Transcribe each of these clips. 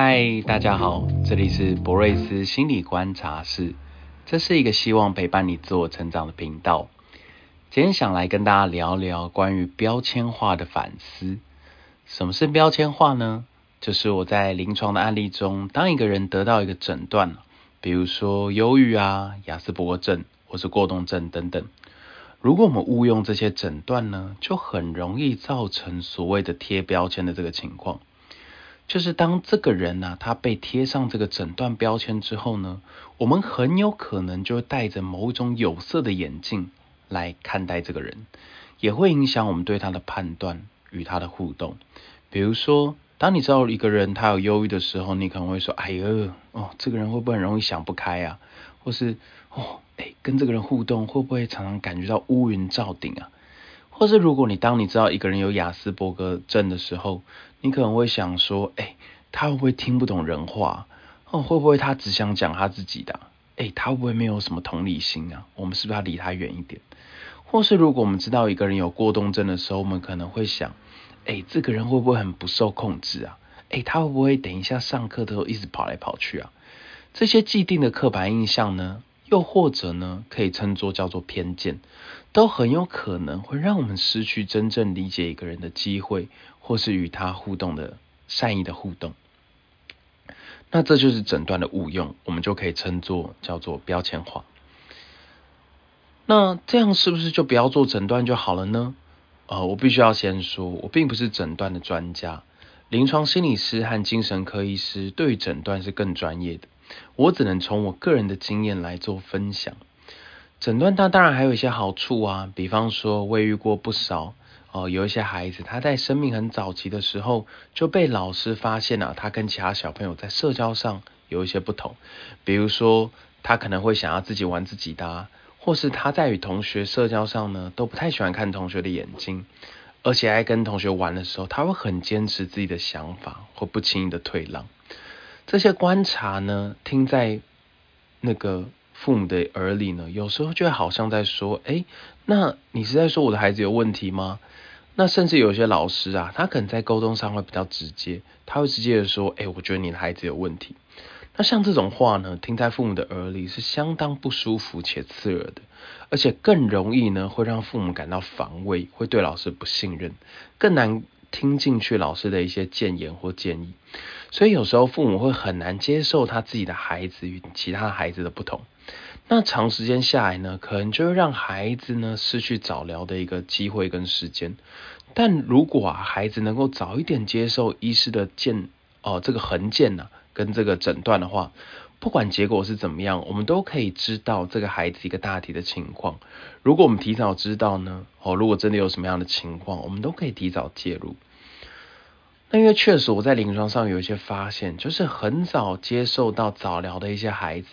嗨，Hi, 大家好，這裡是博瑞斯心理觀察室。這是一個希望陪伴你自我成長的頻道。今天想來跟大家聊聊關於標籤化的反思。什麼是標籤化呢？就是我在臨床的案例中，當一個人得到一個診斷，比如說憂鬱啊、亞斯伯格症或是過動症等等，如果我們誤用這些診斷呢，就很容易造成所謂的貼標籤的這個情況。就是當這個人啊，他被貼上這個診斷標籤之後呢，我們很有可能就會戴着某種有色的眼鏡來看待這個人，也會影響我們對他的判斷與他的互動。比如說，當你知道一個人他有憂鬱的時候，你可能會說：“哎喲，哦，這個人會不會很容易想不開啊？”或是“哦，哎、欸，跟這個人互動會不會常常感覺到烏雲罩頂啊？”或是如果你當你知道一個人有亞斯伯格症的時候，你可能會想說，哎、欸，他會不會聽不懂人話？哦，會不會他只想講他自己的？哎、欸，他會不會沒有什麼同理心啊？我們是不是要離他遠一點？或是如果我們知道一個人有過動症的時候，我們可能會想，哎、欸，這個人會不會很不受控制啊？哎、欸，他會不會等一下上課的時候一直跑來跑去啊？這些既定的刻板印象呢，又或者呢，可以稱作叫做偏見，都很有可能會讓我們失去真正理解一個人的機會。或是與他互動的善意的互動，那這就是診斷的誤用，我們就可以稱作叫做標籤化。那這樣是不是就不要做診斷就好了呢？呃，我必須要先說，我並不是診斷的專家，臨床心理師和精神科醫師對診斷是更專業的，我只能從我個人的經驗來做分享。診斷它當然還有一些好處啊，比方說，我遇過不少。有一些孩子，他在生命很早期的時候就被老師發現了、啊，他跟其他小朋友在社交上有一些不同，比如說他可能會想要自己玩自己的、啊，或是他在與同學社交上呢都不太喜歡看同學的眼睛，而且愛跟同學玩的時候，他會很堅持自己的想法，或不輕易的退讓。這些觀察呢，聽在那個父母的耳裡呢，有時候就會好像在說：哎、欸，那你是在說我的孩子有問題嗎？那甚至有些老師啊，他可能在溝通上會比較直接，他會直接的說，誒，我覺得你的孩子有問題。那像這種話呢，聽在父母的耳裡是相當不舒服且刺耳的，而且更容易呢，會讓父母感到防衛，會對老師不信任，更難聽進去老師的一些建言或建議，所以有時候父母會很難接受他自己的孩子與其他孩子的不同。那長時間下來呢，可能就會讓孩子呢失去早療的一個機會跟時間。但如果啊孩子能夠早一點接受醫師的鑑哦、呃、這個衡鑑呢、啊、跟這個診斷的話。不管結果是怎麼樣，我們都可以知道這個孩子一個大體的情況。如果我們提早知道呢，哦，如果真的有什麼樣的情況，我們都可以提早介入。那因為確實我在臨床上有一些發現，就是很早接受到早療的一些孩子，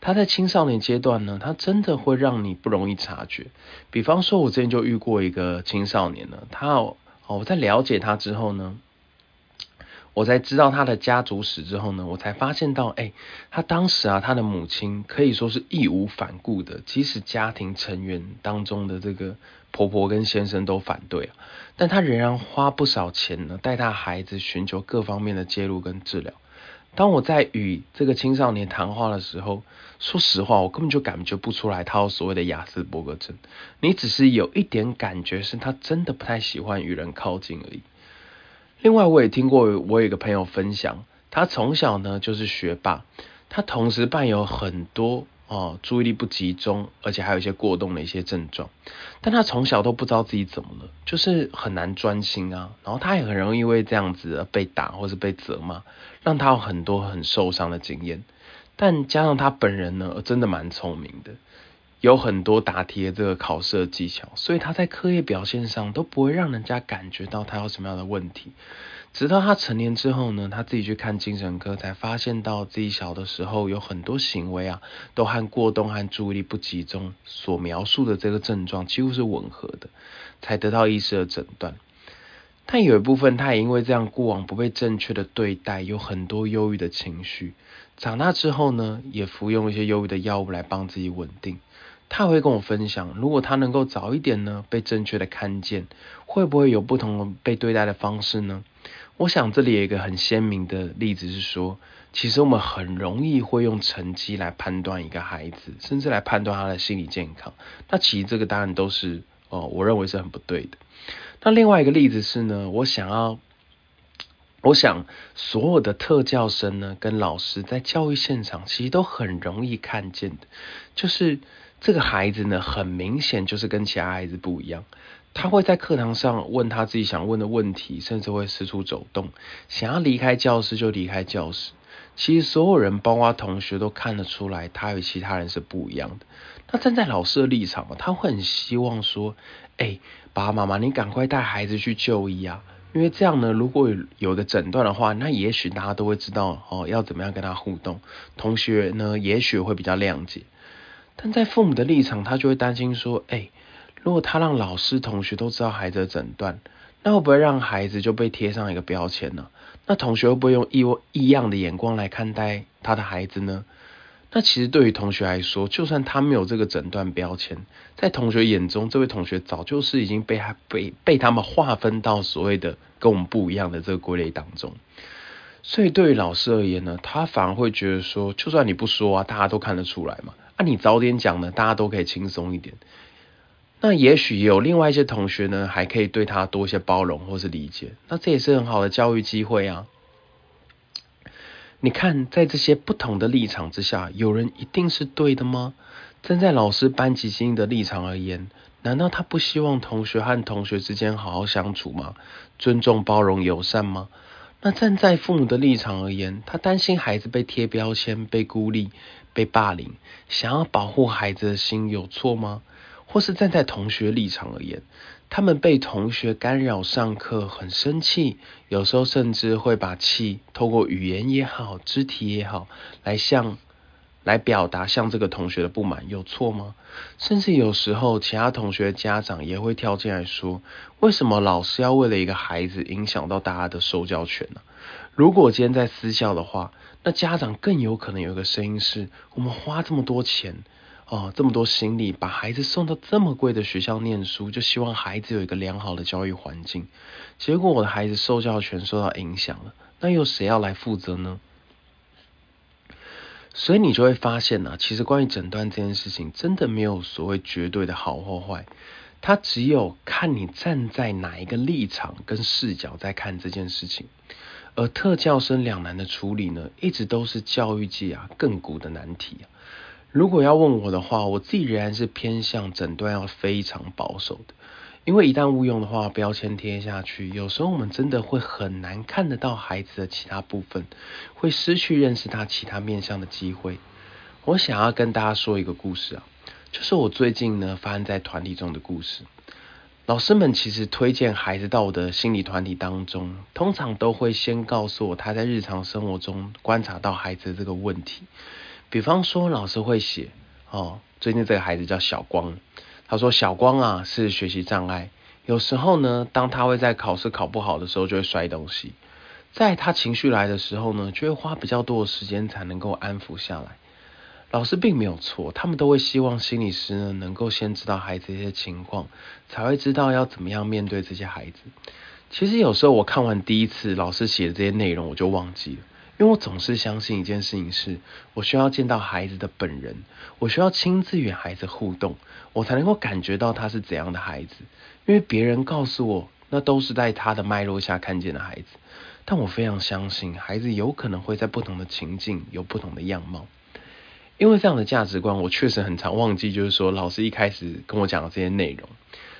他在青少年階段呢，他真的會讓你不容易察覺。比方說，我之前就遇過一個青少年呢，他哦，我在了解他之後呢。我在知道他的家族史之後呢，我才發現到，誒、欸，他當時啊，他的母親可以說是義無反顧的，即使家庭成員當中的這個婆婆跟先生都反對啊，但他仍然花不少錢呢，帶他孩子尋求各方面的介入跟治療。當我在與這個青少年談話的時候，說實話，我根本就感覺不出來他有所謂的亞斯伯格症，你只是有一點感覺是他真的不太喜歡與人靠近而已。另外，我也聽過我有一個朋友分享，他從小呢就是學霸，他同時伴有很多哦，注意力不集中，而且還有一些過動的一些症狀，但他從小都不知道自己怎麼了，就是很難專心啊，然後他也很容易因為這樣子而被打或是被責罵，讓他有很多很受傷的經驗，但加上他本人呢，真的蠻聰明的。有很多答題的這個考試的技巧，所以他在課業表現上都不會讓人家感覺到他有什麼樣的問題。直到他成年之後呢，他自己去看精神科，才發現到自己小的時候有很多行為啊，都和過動和注意力不集中所描述的這個症狀幾乎是吻合的，才得到醫師的診斷。但有一部分他也因為這樣過往不被正確的對待，有很多憂鬱的情緒，長大之後呢，也服用一些憂鬱的藥物來幫自己穩定。他會跟我分享，如果他能夠早一點呢，被正確的看見，會不會有不同的被對待的方式呢？我想這裡有一個很鮮明的例子是說，其實我們很容易會用成績來判斷一個孩子，甚至來判斷他的心理健康。那其實這個答案都是，哦、呃，我認為是很不對的。那另外一個例子是呢，我想要。我想所有的特教生呢，跟老師在教育現場其實都很容易看見的，就是這個孩子呢，很明顯就是跟其他孩子不一樣。他會在課堂上問他自己想問的問題，甚至會四處走動，想要離開教室就離開教室。其實所有人，包括同學，都看得出來他與其他人是不一樣的。那站在老師的立場嘛，他會很希望說：“欸，爸爸媽媽，你趕快帶孩子去就醫啊。”因為這樣呢，如果有個診斷的話，那也許大家都會知道哦，要怎麼樣跟他互動。同學呢，也許會比較諒解。但在父母的立場，他就會擔心說：哎、欸，如果他讓老師、同學都知道孩子的診斷，那會不會讓孩子就被貼上一個標籤呢、啊？那同學會不會用異異樣的眼光來看待他的孩子呢？那其實對於同學來說，就算他沒有這個診斷標籤，在同學眼中，這位同學早就是已經被他被被他們劃分到所謂的跟我們不一樣的這個歸類當中。所以對於老師而言呢，他反而會覺得說，就算你不說啊，大家都看得出來嘛。那、啊、你早點講呢，大家都可以輕鬆一點。那也許有另外一些同學呢，還可以對他多一些包容或是理解。那這也是很好的教育機會啊。你看，在這些不同的立場之下，有人一定是對的嗎？站在老師班級經營的立場而言，難道他不希望同學和同學之間好好相處嗎？尊重、包容、友善嗎？那站在父母的立場而言，他擔心孩子被貼標籤、被孤立、被霸凌，想要保護孩子的心有錯嗎？或是站在同學立場而言，他們被同學干擾上課，很生氣，有時候甚至會把氣透過語言也好、肢體也好來向來表達向這個同學的不滿，有錯嗎？甚至有時候其他同學家長也會跳進來說：“為什麼老師要為了一個孩子影響到大家的受教權呢？”如果今天在私校的話，那家長更有可能有一個聲音是：“我們花這麼多錢。”哦，這麼多心力把孩子送到這麼貴的學校念書，就希望孩子有一個良好的教育環境。結果我的孩子受教權受到影響了，那又誰要來負責呢？所以你就會發現呢、啊，其實關於診斷這件事情，真的沒有所謂絕對的好或壞，它只有看你站在哪一個立場跟視角在看這件事情。而特教生兩難的處理呢，一直都是教育界啊亙古的難題、啊如果要問我的話，我自己仍然是偏向診斷要非常保守的，因為一旦誤用的話，標籤貼下去，有時候我們真的會很難看得到孩子的其他部分，會失去認識他其他面向的機會。我想要跟大家說一個故事啊，就是我最近呢，發生在團體中的故事。老師們其實推薦孩子到我的心理團體當中，通常都會先告訴我他在日常生活中觀察到孩子的這個問題。比方說，老師會寫哦，最近這個孩子叫小光，他說小光啊是學習障礙，有時候呢，當他會在考試考不好的時候，就會摔東西，在他情緒來的時候呢，就會花比較多的時間才能夠安撫下來。老師並沒有錯，他們都會希望心理師呢，能夠先知道孩子一些情況，才會知道要怎麼樣面對這些孩子。其實有時候我看完第一次老師寫的這些內容，我就忘記了。因為我總是相信一件事情是，是我需要見到孩子的本人，我需要親自與孩子互動，我才能夠感覺到他是怎樣的孩子。因為別人告訴我，那都是在他的脈絡下看見的孩子。但我非常相信，孩子有可能會在不同的情境有不同的樣貌。因為這樣的價值觀，我確實很常忘記，就是說老師一開始跟我講的這些內容。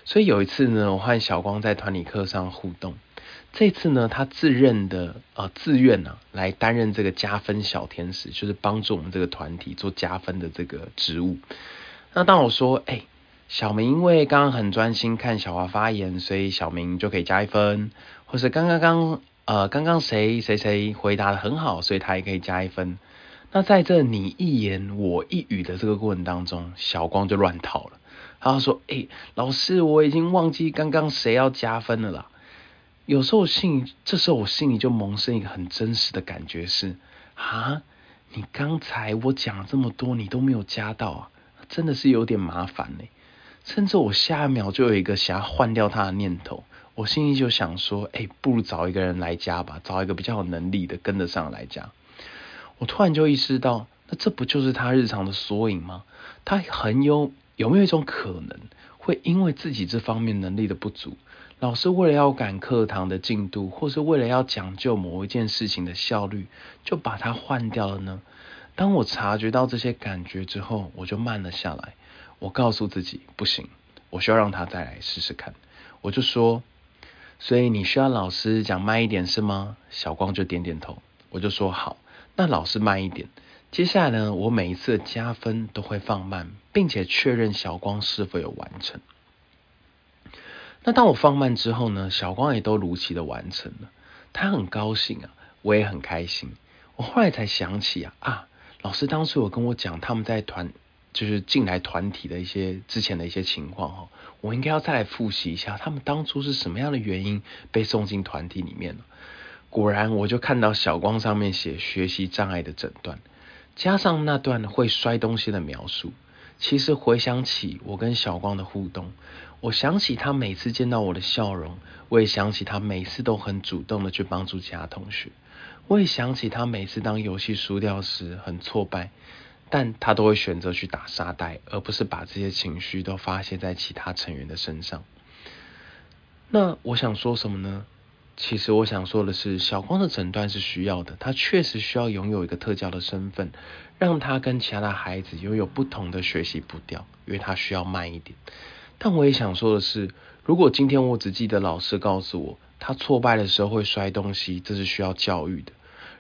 所以有一次呢，我和小光在團體課上互動。這次呢，他自認的啊、呃、自願呢、啊、來擔任這個加分小天使，就是幫助我們這個團體做加分的這個職務。那當我說，哎、欸，小明因為剛剛很專心看小華發言，所以小明就可以加一分，或是剛剛剛呃剛剛誰誰誰回答得很好，所以他也可以加一分。那在這你一言我一語的這個過程當中，小光就亂套了，他說，哎、欸，老師，我已經忘記剛剛誰要加分了啦。有時候我心裡，這時候我心裡就萌生一個很真實的感覺是，是啊，你剛才我講了這麼多，你都沒有加到啊，真的是有點麻煩呢、欸。甚至我下一秒就有一個想要換掉他的念頭，我心裡就想說，哎、欸，不如找一個人來加吧，找一個比較有能力的跟得上來加。我突然就意識到，那這不就是他日常的縮影嗎？他很有有沒有一種可能會因為自己這方面能力的不足？老師為了要趕課堂的進度，或是為了要講究某一件事情的效率，就把它換掉了呢？當我察覺到這些感覺之後，我就慢了下來。我告訴自己，不行，我需要讓他再來試試看。我就說，所以你需要老師講慢一點是嗎？小光就點點頭。我就說好，那老師慢一點。接下來呢，我每一次的加分都會放慢，並且確認小光是否有完成。那當我放慢之後呢，小光也都如期的完成了，他很高興啊，我也很開心。我後來才想起啊，啊，老師當時有跟我講他們在團，就是進來團體的一些之前的一些情況哈，我應該要再來複習一下他們當初是什麼樣的原因被送進團體裡面了。果然，我就看到小光上面寫學習障礙的診斷，加上那段會摔東西的描述。其實回想起我跟小光的互動，我想起他每次見到我的笑容，我也想起他每次都很主動的去幫助其他同學，我也想起他每次當遊戲輸掉時很挫敗，但他都會選擇去打沙袋，而不是把這些情緒都發洩在其他成員的身上。那我想說什麼呢？其實我想說的是，小光的診斷是需要的，他確實需要擁有一個特教的身份，讓他跟其他的孩子擁有不同的學習步調，因為他需要慢一點。但我也想說的是，如果今天我只記得老師告訴我，他挫敗的時候會摔東西，這是需要教育的。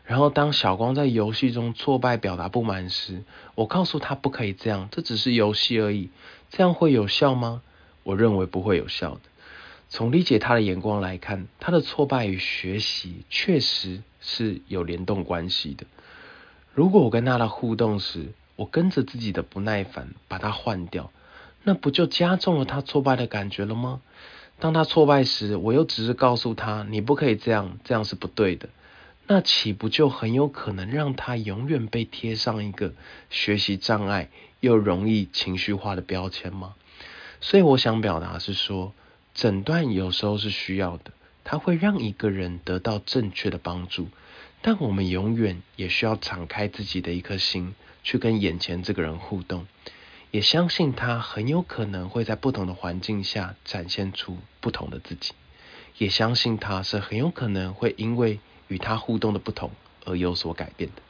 然後當小光在遊戲中挫敗、表達不滿時，我告訴他不可以這樣，這只是遊戲而已，這樣會有效嗎？我認為不會有效的。從理解他的眼光來看，他的挫敗與學習確實是有聯動關係的。如果我跟他的互動時，我跟着自己的不耐煩把他換掉，那不就加重了他挫敗的感覺了嗎？當他挫敗時，我又只是告訴他“你不可以這樣，這樣是不對的”，那豈不就很有可能讓他永遠被貼上一個學習障礙又容易情緒化的標籤嗎？所以我想表達是說。診斷有時候是需要的，它會讓一個人得到正確的幫助。但我們永遠也需要敞開自己的一顆心，去跟眼前這個人互動，也相信他很有可能會在不同的環境下展現出不同的自己，也相信他是很有可能會因為與他互動的不同而有所改變的。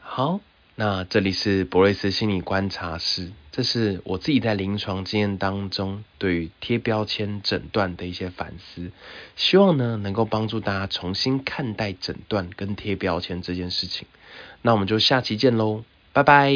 好。那這裡是博瑞斯心理觀察室，這是我自己在臨床經驗當中對於貼標籤診斷的一些反思，希望呢能夠幫助大家重新看待診斷跟貼標籤這件事情。那我們就下期見嘍，拜拜。